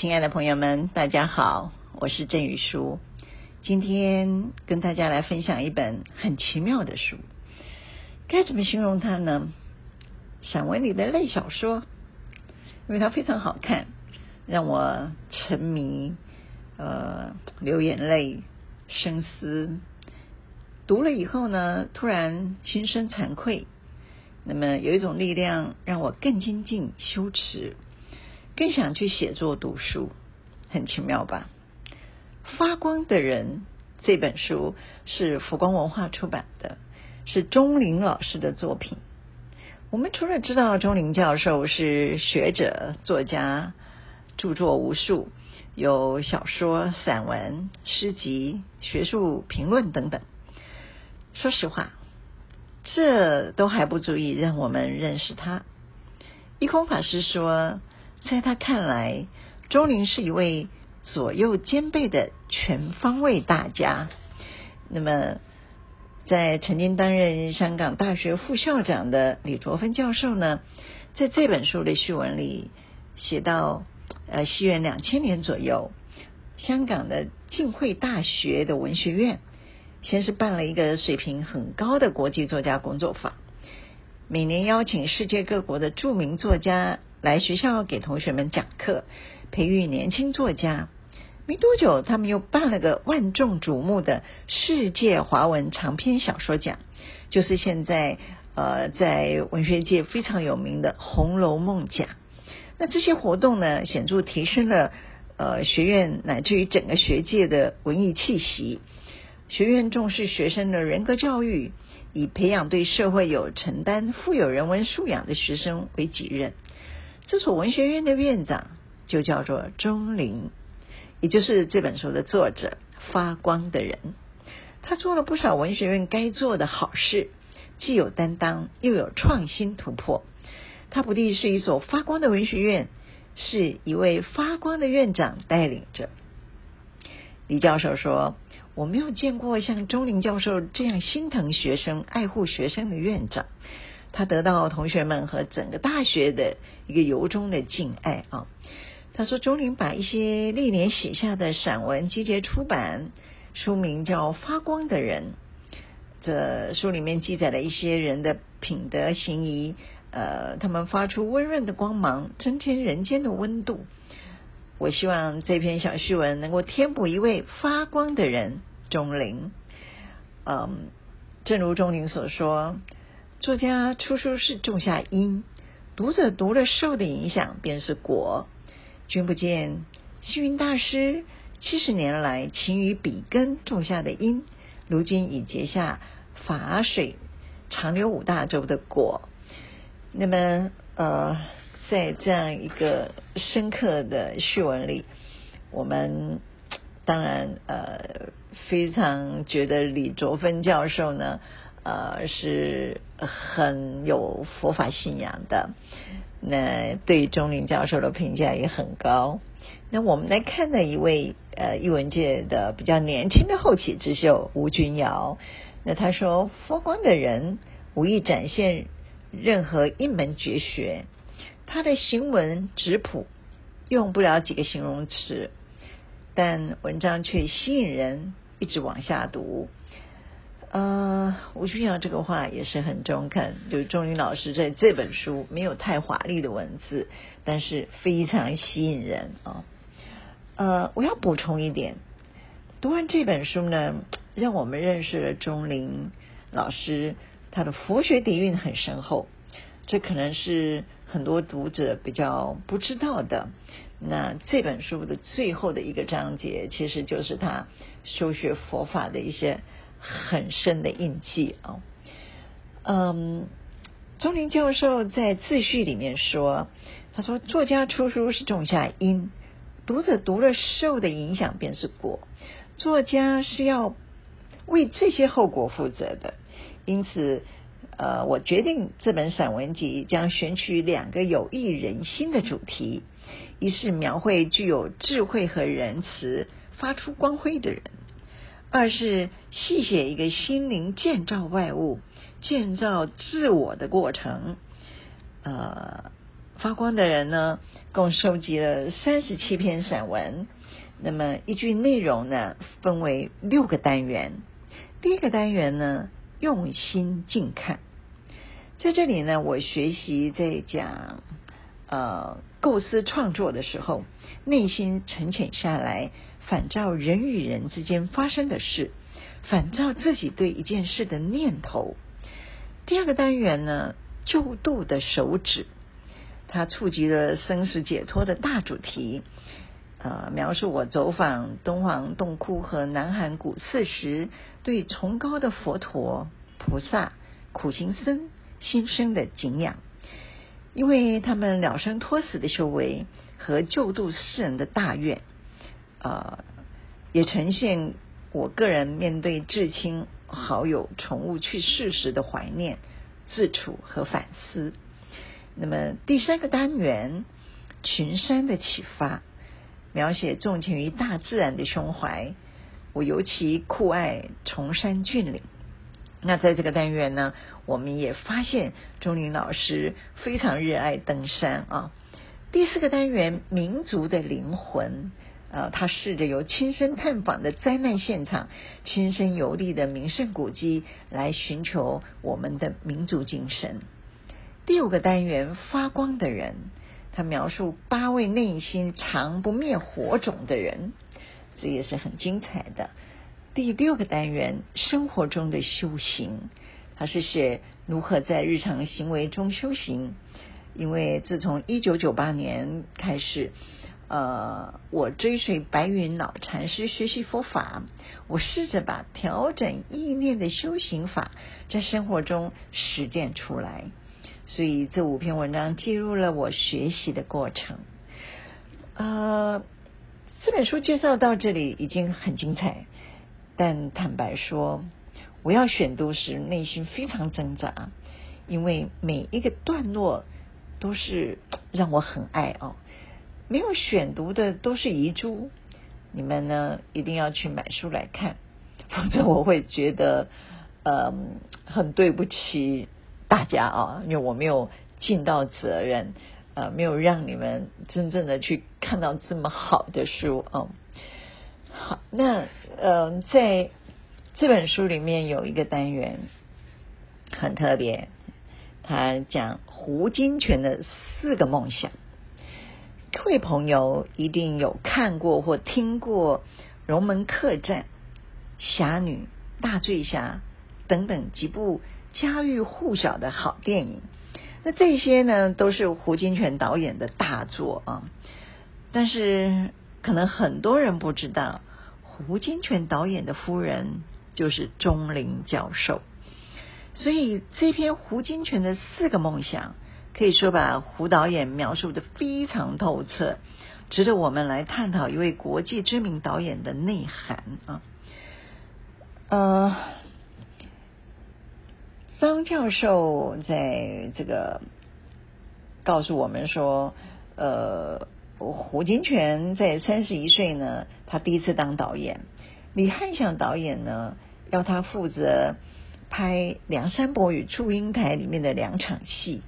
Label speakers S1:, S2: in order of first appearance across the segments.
S1: 親愛的朋友們，大家好，我是鄭羽書。今天跟大家來分享一本很奇妙的書，該怎麼形容它呢？散文裡的類小說，因為它非常好看，讓我沉迷，呃，流眼淚，深思。讀了以後呢，突然心生慚愧，那麼有一種力量讓我更精進修持。更想去寫作、讀書，很奇妙吧？《發光的人》這本書是浮光文化出版的，是鍾玲老師的作品。我們除了知道鍾玲教授是學者、作家，著作無數，有小說、散文、詩集、學術評論等等，說實話，這都還不足以讓我們認識他。一空法師說。在他看來，鍾玲是一位左右兼備的全方位大家。那麼，在曾經擔任香港大學副校長的李卓芬教授呢，在這本書的序文裡寫到：呃，西元兩千年左右，香港的浸會大學的文學院先是辦了一個水平很高的國際作家工作坊，每年邀請世界各國的著名作家。來學校給同學們講課，培育年輕作家。沒多久，他們又辦了個萬眾矚目的世界華文長篇小說獎，就是現在呃在文學界非常有名的《紅樓夢獎》。那這些活動呢，顯著提升了呃學院乃至於整個學界的文藝氣息。學院重視學生的人格教育，以培養對社會有承擔、富有人文素養的學生為己任。這所文學院的院長就叫做鍾玲，也就是這本書的作者，發光的人。他做了不少文學院該做的好事，既有擔當，又有創新突破。他不地是一所發光的文學院，是一位發光的院長帶領着。李教授說：“我沒有見過像鍾玲教授這樣心疼學生、愛護學生的院長。”他得到同學們和整個大學的一個由衷的敬愛啊。他說鍾玲把一些歷年寫下的散文集結出版，書名叫《發光的人》。這書裡面記載了一些人的品德行誼，呃，他們發出溫潤的光芒，增添人間的溫度。我希望這篇小序文能夠填補一位發光的人鍾玲。嗯、呃，正如鍾玲所說。作家出書是種下因，讀者讀了受的影響便是果。君不見星雲大師七十年來勤於筆耕種下的因，如今已結下法水長流五大洲的果。那麼呃，在這樣一個深刻的序文裡，我們當然呃非常覺得李卓芬教授呢。呃，是很有佛法信仰的。那對於鍾玲教授的評價也很高。那我們來看了一位呃，藝文界的比較年輕的後起之秀吳君堯。那他說，發光的人無意展現任何一門絕學，他的行文質樸，用不了幾個形容詞，但文章卻吸引人一直往下讀。呃，我就想這個話也是很中肯。就是鍾玲老師在這本書沒有太華麗的文字，但是非常吸引人啊、哦。呃，我要補充一點，讀完這本書呢，讓我們認識了鍾玲老師，他的佛學底蘊很深厚，這可能是很多讀者比較不知道的。那這本書的最後的一個章節，其實就是他修學佛法的一些。很深的印記啊、哦，嗯，鍾玲教授在自序裡面說：“他說作家出書是種下因，讀者讀了受的影響便是果，作家是要為這些後果負責的。因此，呃，我決定這本散文集將選取兩個有益人心的主題，一是描繪具有智慧和仁慈、發出光輝的人。”二是細寫一個心靈建造外物、建造自我的過程。呃，發光的人呢，共收集了三十七篇散文。那麼，依據內容呢，分為六個單元。第一個單元呢，用心靜看。在這裡呢，我學習在講，呃，構思創作的時候，內心沉潛下來。反照人與人之間發生的事，反照自己對一件事的念頭。第二個單元呢，救度的手指，它觸及了生死解脫的大主題。呃，描述我走訪敦煌洞窟和南韓古寺時，對崇高的佛陀、菩薩、苦行僧心生的景仰，因為他們了生脫死的修為和救度世人的大願。呃，也呈現我個人面對至親好友、寵物去世時的懷念、自處和反思。那麼第三個單元，群山的啟發，描寫縱情於大自然的胸懷。我尤其酷愛崇山峻嶺。那在這個單元呢，我們也發現鍾玲老師非常熱愛登山啊。第四個單元，民族的靈魂。呃，他試着由親身探訪的災難現場、親身遊歷的名勝古蹟來尋求我們的民族精神。第五個單元《發光的人》，他描述八位內心常不滅火種的人，這也是很精彩的。第六個單元《生活中的修行》，他是寫如何在日常行為中修行，因為自從一九九八年開始，呃，我追隨白雲老禪師學習佛法，我試着把調整意念的修行法在生活中實踐出來，所以這五篇文章記錄了我學習的過程。呃，這本書介紹到這裡已經很精彩，但坦白說，我要選讀時內心非常掙扎，因為每一個段落都是讓我很愛哦。沒有選讀的都是遺珠，你們呢，一定要去買書來看，否則我會覺得嗯、呃、很對不起大家啊、哦，因為我沒有盡到責任啊、呃，沒有讓你們真正的去看到這麼好的書啊、哦。好，那嗯、呃，在這本書裡面有一個單元很特別，他講胡金銓的四個夢想。各位朋友一定有看過或聽過《龍門客棧》《俠女》《大醉俠》等等幾部家喻戶曉的好電影，那這些呢都是胡金銓導演的大作啊。但是可能很多人不知道，胡金銓導演的夫人就是鍾玲教授。所以這篇胡金銓的四個夢想。可以說吧，把胡導演描述得非常透徹，值得我們來探討一位國際知名導演的內涵啊。呃，張教授在這個告訴我們說，呃，胡金銓在三十一歲呢，他第一次當導演，李翰祥導演呢要他負責拍《梁山伯與祝英台》裡面的兩場戲。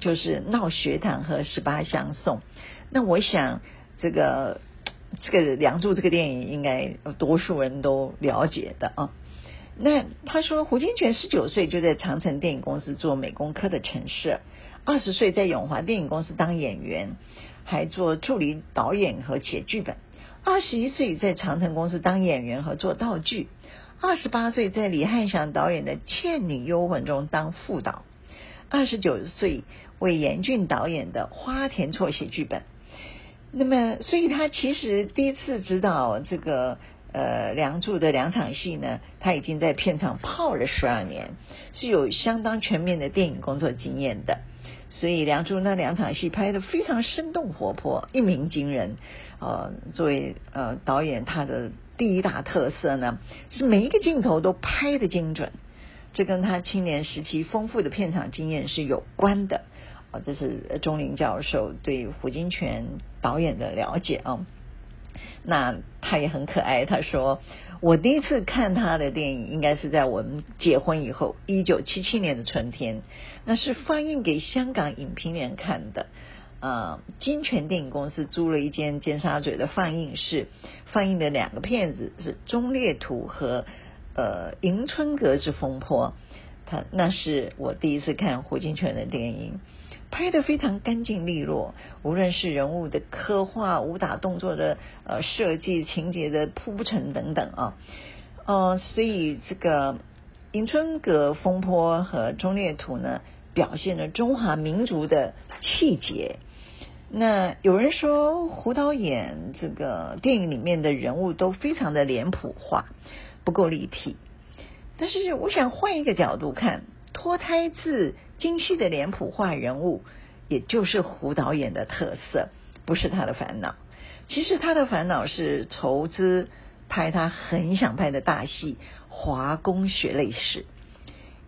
S1: 就是鬧學堂和十八相送。那我想這個這個梁祝這個電影應該多數人都了解的啊。那他說胡金銓十九歲就在長城電影公司做美工科的陳設，二十歲在永華電影公司當演員，還做助理導演和寫劇本。二十一歲在長城公司當演員和做道具，二十八歲在李翰祥導演的《倩女幽魂》中當副導。二十九歲為嚴俊導演的《花田錯》寫劇本，那麼，所以他其實第一次執導這個呃《梁祝》的兩場戲呢，他已經在片場泡了十二年，是有相當全面的電影工作經驗的。所以，《梁祝》那兩場戲拍得非常生動活潑，一鳴驚人。呃，作為呃導演，他的第一大特色呢，是每一個鏡頭都拍得精準。這跟他青年時期豐富的片場經驗是有關的，啊、哦，這是鍾玲教授對胡金銓導演的了解啊、哦。那他也很可愛，他說，我第一次看他的電影，應該是在我們結婚以後，一九七七年的春天，那是放映給香港影評人看的，啊、呃，金銓電影公司租了一間尖沙咀的放映室，放映的兩個片子是《忠烈圖》和。呃，《迎春閣之風波》他，他那是我第一次看胡金銓的電影，拍得非常乾淨利落，無論是人物的刻畫、武打動作的呃設計、情節的鋪陳等等啊，呃，所以這個《迎春閣風波》和《忠烈圖》呢，表現了中華民族的氣節。那有人說，胡導演這個電影裡面的人物都非常的臉譜化。不夠立體，但是我想換一個角度看，脫胎自京戲的臉譜化人物，也就是胡導演的特色，不是他的煩惱。其實他的煩惱是籌資拍他很想拍的大戲《華宮血淚史》。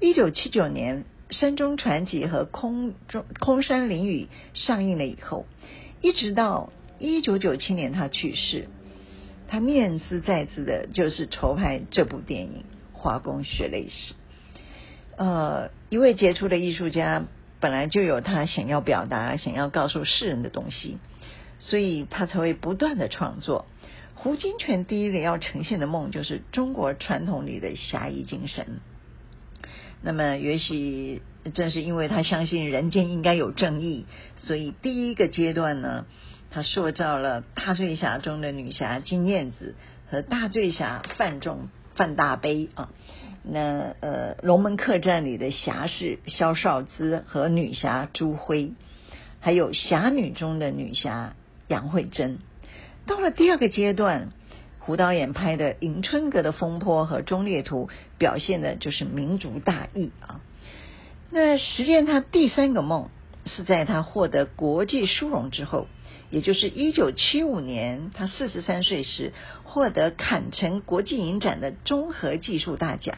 S1: 一九七九年《山中傳奇》和空中《空山靈雨》上映了以後，一直到一九九七年他去世。他面思再次的，就是籌拍這部電影《華工血淚史》。呃，一位傑出的藝術家，本來就有他想要表達、想要告訴世人的東西，所以他才會不斷的創作。胡金銓第一個要呈現的夢，就是中國傳統裡的俠義精神。那麼，也許正是因為他相信人間應該有正義，所以第一個階段呢。他塑造了大醉俠中的女俠金燕子和大醉俠范仲范大悲啊，那呃龍門客棧裡的俠士蕭少資和女俠朱輝，還有俠女中的女俠楊慧貞，到了第二個階段，胡導演拍的《迎春閣的風波》和《忠烈圖》，表現的就是民族大義啊。那實現他第三個夢，是在他獲得國際殊榮之後。也就是一九七五年，他四十三歲時獲得坎城國際影展的綜合技術大獎。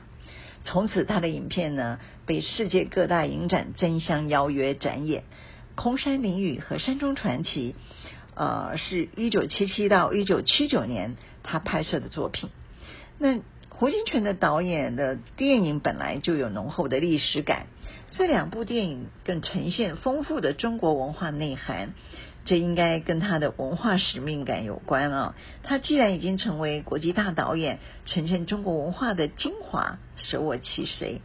S1: 從此，他的影片呢，被世界各大影展爭相邀約展演。《空山靈雨》和《山中傳奇》呃是一九七七到一九七九年他拍攝的作品。那胡金銓的導演的電影本來就有濃厚的歷史感，這兩部電影更呈現豐富的中國文化內涵。這應該跟他的文化使命感有關啊、哦！他既然已經成為國際大導演，呈現中國文化的精華，捨我其誰？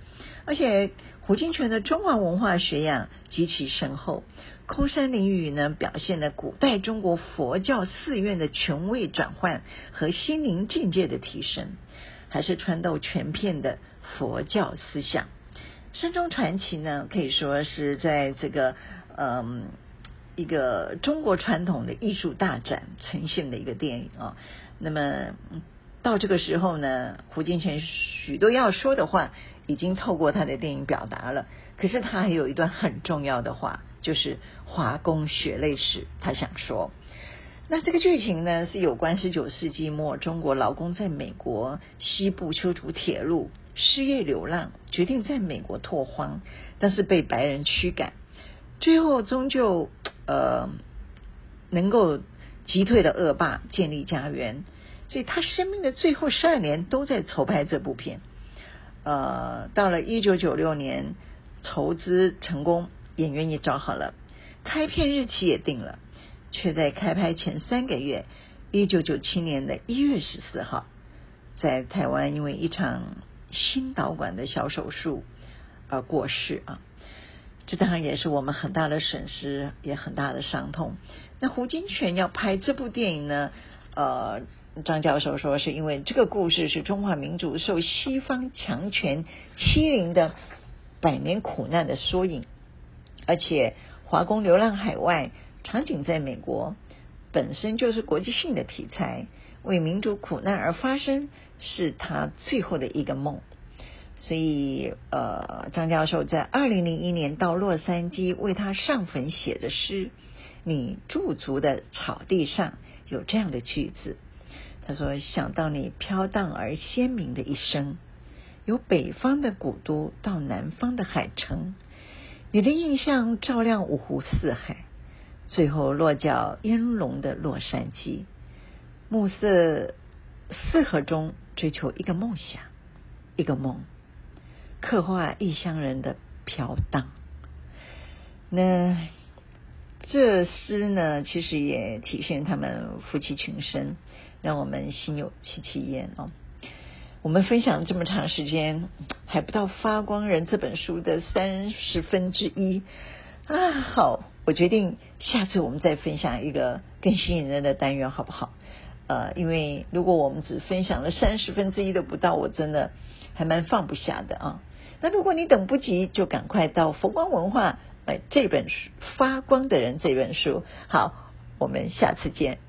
S1: 而且胡金銓的中華文化學養極其深厚，《空山靈雨》呢表現了古代中國佛教寺院的權位轉換和心靈境界的提升，還是穿透全片的佛教思想。《山中傳奇》呢，可以說是在這個嗯。呃一個中國傳統的藝術大展呈現的一個電影啊、哦，那麼到這個時候呢，胡金銓許多要說的話已經透過他的電影表達了。可是他還有一段很重要的話，就是華工血淚史，他想說。那這個劇情呢，是有關十九世紀末中國勞工在美國西部修築鐵路，失業流浪，決定在美國拓荒，但是被白人驅趕，最後終究。呃，能夠擊退的惡霸，建立家園。所以他生命的最後十二年都在籌拍這部片。呃，到了一九九六年，籌資成功，演員也找好了，開片日期也定了，卻在開拍前三個月，一九九七年的一月十四號，在台灣因為一場心導管的小手術，而過世啊。這當然也是我們很大的損失，也很大的傷痛。那胡金銓要拍這部電影呢？呃，張教授說是因為這個故事是中華民族受西方強權欺凌的百年苦難的縮影，而且華工流浪海外場景在美國本身就是國際性的題材，為民族苦難而發生，是他最後的一個夢。所以，呃，張教授在二零零一年到洛杉磯為他上墳寫的詩，你駐足的草地上有這樣的句子，他說：“想到你飄盪而鮮明的一生，由北方的古都到南方的海城，你的印象照亮五湖四海，最後落腳煙籠的洛杉磯，暮色四合中追求一個夢想，一個夢。”刻畫異鄉人的飄蕩，那這詩呢，其實也體現他們夫妻情深，讓我們心有戚戚焉哦。我們分享這麼長時間，還不到《發光人》這本書的三十分之一啊。好，我決定下次我們再分享一個更吸引人的單元，好不好？呃，因為如果我們只分享了三十分之一都不到，我真的還蠻放不下的啊。那如果你等不及，就趕快到佛光文化買，呃，這本書《發光的人》這本書。好，我們下次見。